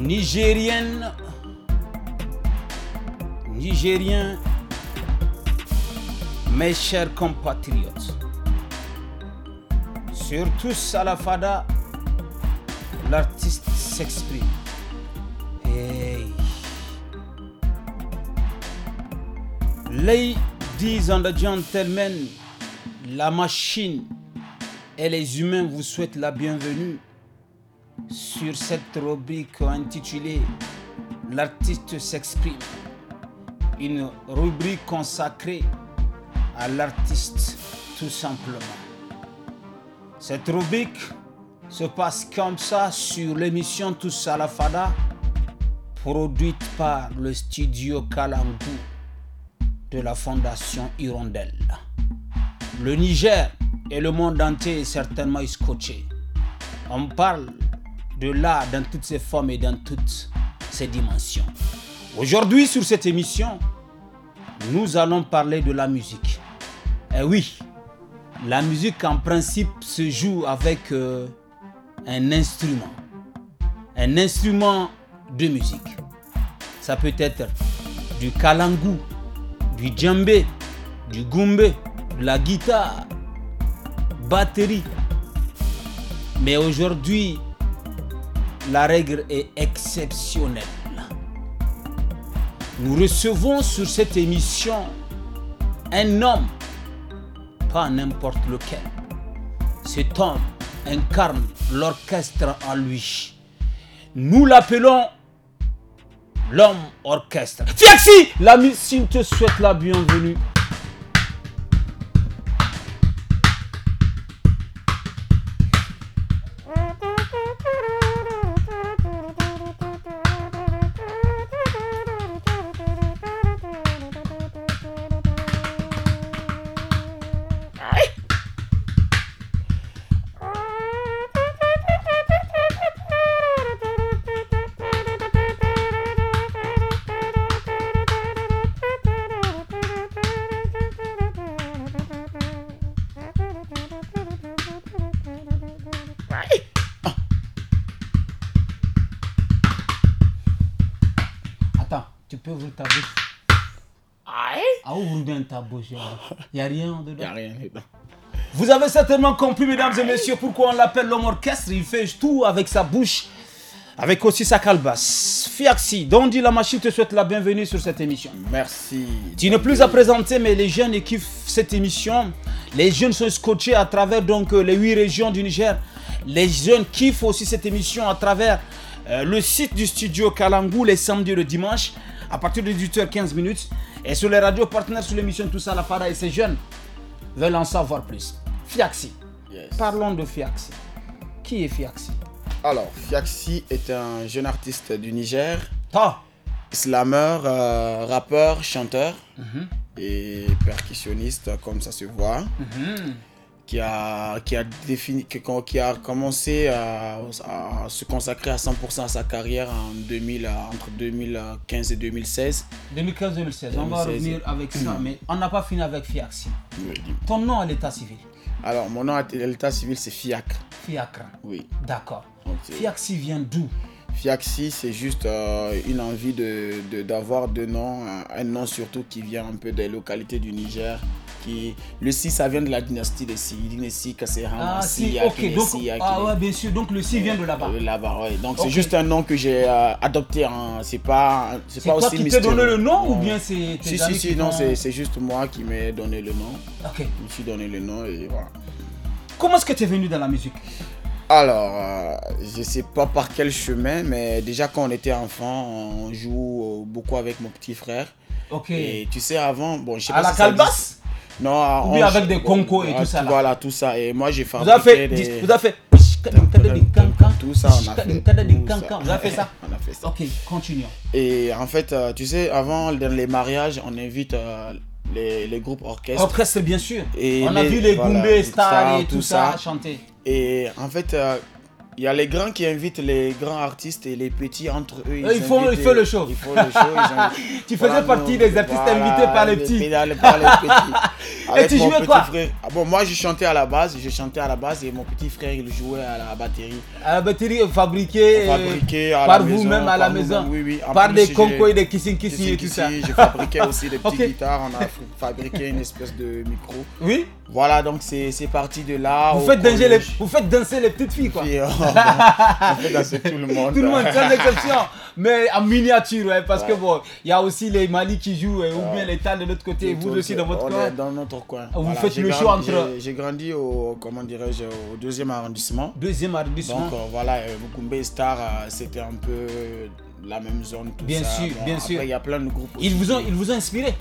nigérienne, nigérien, mes chers compatriotes, surtout Salafada, l'artiste s'exprime. Hey. Ladies and gentlemen, la machine et les humains vous souhaitent la bienvenue sur cette rubrique intitulée L'artiste s'exprime, une rubrique consacrée à l'artiste tout simplement. Cette rubrique se passe comme ça sur l'émission Tous à la Fada, produite par le studio Kalangu de la Fondation Hirondelle. Le Niger et le monde entier est certainement scotché. On parle de l'art dans toutes ses formes et dans toutes ses dimensions. Aujourd'hui, sur cette émission, nous allons parler de la musique. Et eh oui, la musique en principe se joue avec euh, un instrument. Un instrument de musique. Ça peut être du kalangu, du djembé, du gumbe, de la guitare, batterie. Mais aujourd'hui, la règle est exceptionnelle. Nous recevons sur cette émission un homme, pas n'importe lequel. Cet homme incarne l'orchestre en lui. Nous l'appelons l'homme orchestre. Tiaxi! l'ami, si te souhaite la bienvenue bouche. Il n'y a rien dedans. Il a rien Vous avez certainement compris, mesdames et messieurs, pourquoi on l'appelle l'homme orchestre. Il fait tout avec sa bouche, avec aussi sa calebasse. Fiaxi, dit la machine te souhaite la bienvenue sur cette émission. Merci. Tu n'es plus à présenter, mais les jeunes kiffent cette émission. Les jeunes sont scotchés à travers donc euh, les huit régions du Niger. Les jeunes kiffent aussi cette émission à travers euh, le site du studio Kalangou les samedis et le dimanche à partir de 18h15 minutes et sur les radios partenaires sur l'émission Tout ça la et ses jeunes veulent en savoir plus. Fiaxi. Parlons de Fiaxi. Qui est Fiaxi Alors, Fiaxi est un jeune artiste du Niger. slammer, euh, rappeur, chanteur mhm. et percussionniste, comme ça se voit. Mhm qui a, qui a, défini, qui a commencé à, se consacrer à 100% à sa carrière en 2000, entre 2015 et 2016. 2015-2016, on va revenir avec ça, mm. mais on n'a pas fini avec FIACSI. Ton nom à l'état civil Alors, mon nom à l'état civil, c'est FIAC. FIAC, Oui. D'accord. Fiaxi vient d'où Fiaxi, c'est juste euh, une envie d'avoir de, deux noms, un, un, nom surtout qui vient un peu des localités du Niger, qui le Si, ça vient de la dynastie des ah, Si, dynastie ah, si, ok, donc, ah ouais, bien sûr, donc le Si vient de là-bas. Euh, là-bas, ouais. Donc c'est juste un nom que j'ai euh, adopté, hein. c'est pas, c'est pas toi aussi qui t'es donné le nom ou bien c'est Si, si, si, non, c'est juste moi qui m'ai donné le nom. Ok. Je me suis donné le nom et voilà. Comment est-ce que tu es venu dans la musique alors, euh, je sais pas par quel chemin, mais déjà quand on était enfant, on joue beaucoup avec mon petit frère. Ok. Et tu sais, avant, bon, je sais pas. À la calbasse non, Ou bien avec des concos et ah, tout ça. Voilà, tout ça. Et moi, j'ai fait. Vous avez fait. Des... Vous avez fait tout ça, on a fait. fait ça On a fait ça. Ok, continuons. Et en fait, euh, tu sais, avant, dans les mariages, on invite euh, les, les groupes orchestres. Orchestre, bien sûr. Et on a vu les voilà, Star et tout, ça, chanter. Et en fait, euh, il y a les grands qui invitent les grands artistes et les petits entre eux. Ils, font, ils font le show. Ils font le show tu faisais partie des artistes invités par les petits. par les petits. et tu jouais quoi ah bon, Moi, je chantais à la base. Je chantais à la base et mon petit frère, il jouait à la batterie. À la batterie fabriquée, par vous-même à la maison. Oui, oui. par des concours et des kissing kissing et tout ça. Je fabriquais aussi des petites guitares. On a fabriqué une espèce de micro. Oui. Voilà, donc c'est parti de là. Vous faites, danser les, vous faites danser les petites filles, quoi. Euh, tout le monde. sans exception. Mais en miniature, parce que bon, il y a aussi les Mali qui jouent, euh, ou bien les de l'autre côté, et vous aussi dans votre coin. dans notre coin. Vous faites le choix entre. J'ai grandi au, comment dirais-je, au deuxième arrondissement. Deuxième arrondissement. Donc euh, voilà, euh, Mukumbe Star, c'était un peu la même zone. Tout bien sûr, bien sûr. Il y a plein de groupes. Ils vous ils vous ont inspiré.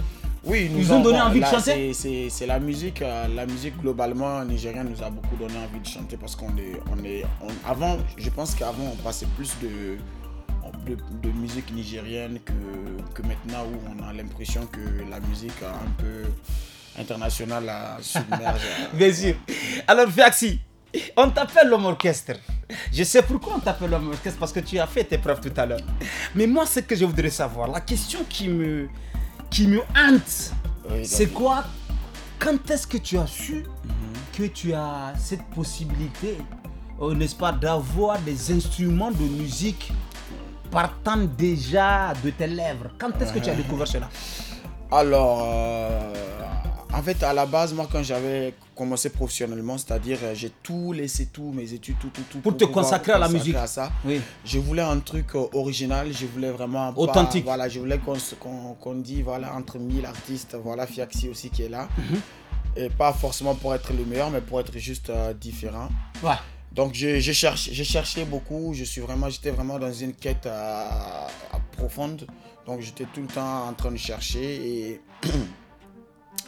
Oui, nous, ont, donné envie de chanter. C'est la musique, euh, la musique globalement nigérienne nous a beaucoup donné envie de chanter parce qu'on est, on est, avant, je pense qu'avant on passait plus de, de, musique nigérienne que, que, maintenant où on a l'impression que la musique un peu internationale a submergé Bien sûr. Alors Fiaxi, on t'appelle l'homme orchestre. Je sais pourquoi on t'appelle l'homme orchestre parce que tu as fait tes preuves tout à l'heure. Mais moi, ce que je voudrais savoir, la question qui me qui me hante. c'est quoi Quand est-ce que tu as su que tu as cette possibilité, euh, n'est-ce pas, d'avoir des instruments de musique partant déjà de tes lèvres Quand est-ce que tu as ah. découvert cela Alors, euh, en fait, à la base, moi, quand j'avais commencé professionnellement, c'est-à-dire euh, j'ai tout laissé, tout mes études, tout, tout, tout. Pour, te consacrer à la musique. À ça. Oui. Je voulais un truc euh, original, je voulais vraiment. Authentique. voilà, je voulais qu'on qu dise, voilà, entre mille artistes, voilà, Fiaxi aussi qui est là. Mhm. Et pas forcément pour être le meilleur, mais pour être juste euh, différent. Ouais. Donc j'ai cherché, beaucoup, je suis vraiment, j'étais vraiment dans une quête profonde. Donc j'étais tout le temps en train de chercher et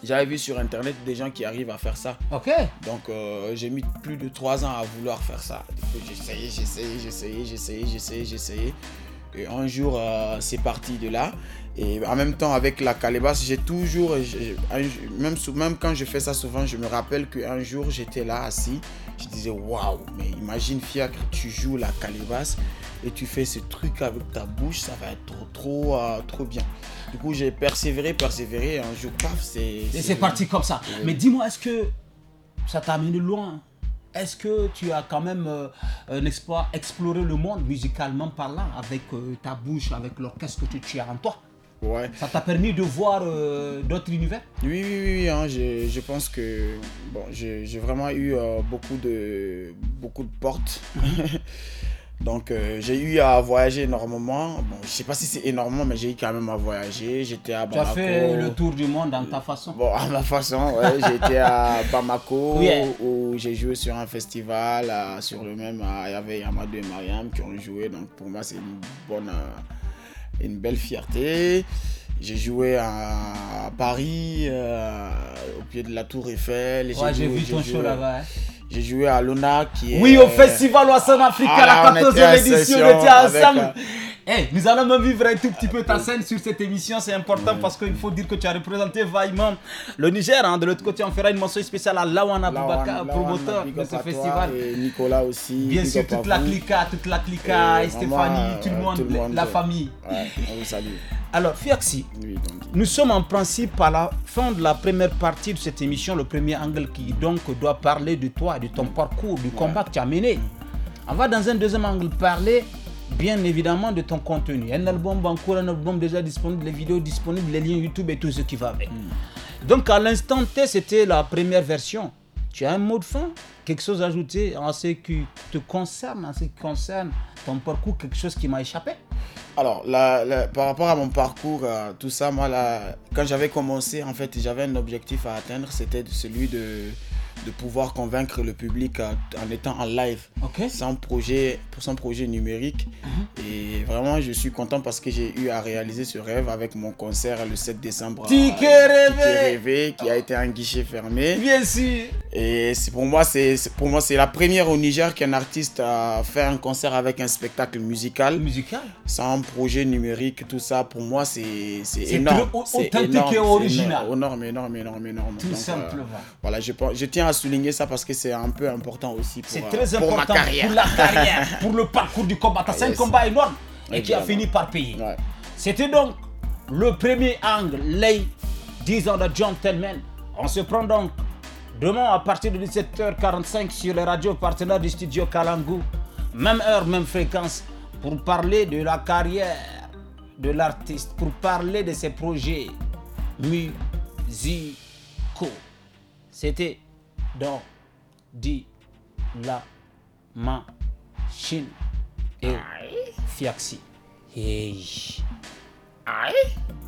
J'avais vu sur internet des gens qui arrivent à faire ça. Ok. Donc euh, j'ai mis plus de trois ans à vouloir faire ça. j'essayais, j'essayais, j'essayais, j'essayais, j'essayais, j'essayais un jour, euh, c'est parti de là. Et en même temps, avec la calebasse, j'ai toujours, même, quand je fais ça souvent, je me rappelle qu'un jour, j'étais là assis. Je disais, waouh, mais imagine, Fiacre, tu joues la calebasse et tu fais ce truc avec ta bouche, ça va être trop, trop, euh, trop bien. Du coup, j'ai persévéré, persévéré. Et un jour, paf, c'est. c'est parti comme ça. Mais dis-moi, est-ce que ça t'a amené loin est-ce que tu as quand même, un euh, espoir euh, exploré le monde musicalement parlant avec euh, ta bouche, avec l'orchestre que tu, as en toi Ouais. Ça t'a permis de voir d'autres univers Oui, oui, oui, hein, je, pense que bon, j'ai vraiment eu beaucoup, de, beaucoup de portes. Donc euh, j'ai eu à voyager énormément. Bon, je sais pas si c'est énormément, mais j'ai eu quand même à voyager. J'étais à Bamako. Tu as fait le tour du monde dans ta façon Bon, à ma façon, ouais. J'étais à Bamako où j'ai joué sur un festival, sur le même. Il y avait Yamadou et Mariam qui ont joué. Donc pour moi, c'est une bonne, euh, une belle fierté. J'ai joué à, Paris, euh, au pied de la Tour Eiffel. Ouais, j'ai vu ton show là-bas. Hein. J'ai joué à Luna qui est... Oui, au Festival Ouassan Africa, ah, la 14e édition, on était ensemble. Euh, Hey, eh, nous allons même vivre un tout petit peu ta scène sur cette émission. C'est important parce qu'il faut dire que tu as représenté vaillamment le Niger. Hein. De l'autre côté, on fera une mention spéciale à Lawana Boubaka, promoteur de ce festival. Et Nicolas aussi. Bien sûr, toute la clica, toute la clica, Stéphanie, euh, tout le monde, la euh, famille. on vous salue. Alors, Fiaxi, nous sommes en principe à la fin de la première partie de cette émission, le premier angle qui donc doit parler de toi, de ton mm. parcours, du combat que tu as mené. On va dans un deuxième angle parler bien évidemment de ton contenu. Un album en cours, un album déjà disponible, les vidéos disponibles, les liens YouTube et tout ce qui va avec. Hmm. Donc à l'instant T, c'était la première version. Tu as un mot de fin, quelque chose à ajouter en ce qui te concerne, en ce qui concerne ton parcours, quelque chose qui m'a échappé Alors, la, par rapport à mon parcours, euh, tout ça, moi, là, quand j'avais commencé, en fait, j'avais un objectif à atteindre, c'était celui de de pouvoir convaincre le public en étant en live sans projet pour son projet numérique uh-huh. et vraiment je suis content parce que j'ai eu à réaliser ce rêve avec mon concert le 7 décembre rêvé. qui a été un guichet fermé bien sûr et c'est pour moi c'est pour moi c'est la première au Niger qu'un artiste a fait un concert avec un spectacle musical musical sans projet numérique tout ça pour moi c'est c'est énorme c'est original énorme énorme énorme énorme tout euh, simplement voilà je je tiens à souligner ça parce que c'est un peu important aussi pour, euh, très ma carrière. Pour la carrière, pour le parcours du combat, C'est un combat énorme et qui a fini par payer. C'était donc le premier angle, les 10 ans de Gentleman. On se prend donc demain à partir de 17h45 sur les radios partenaires du studio Kalangu. Même heure, même fréquence pour parler de la carrière de l'artiste, pour parler de ses projets musicaux. C'était dans, Di la, ma, chine et fiaxi. Hey. Aïe.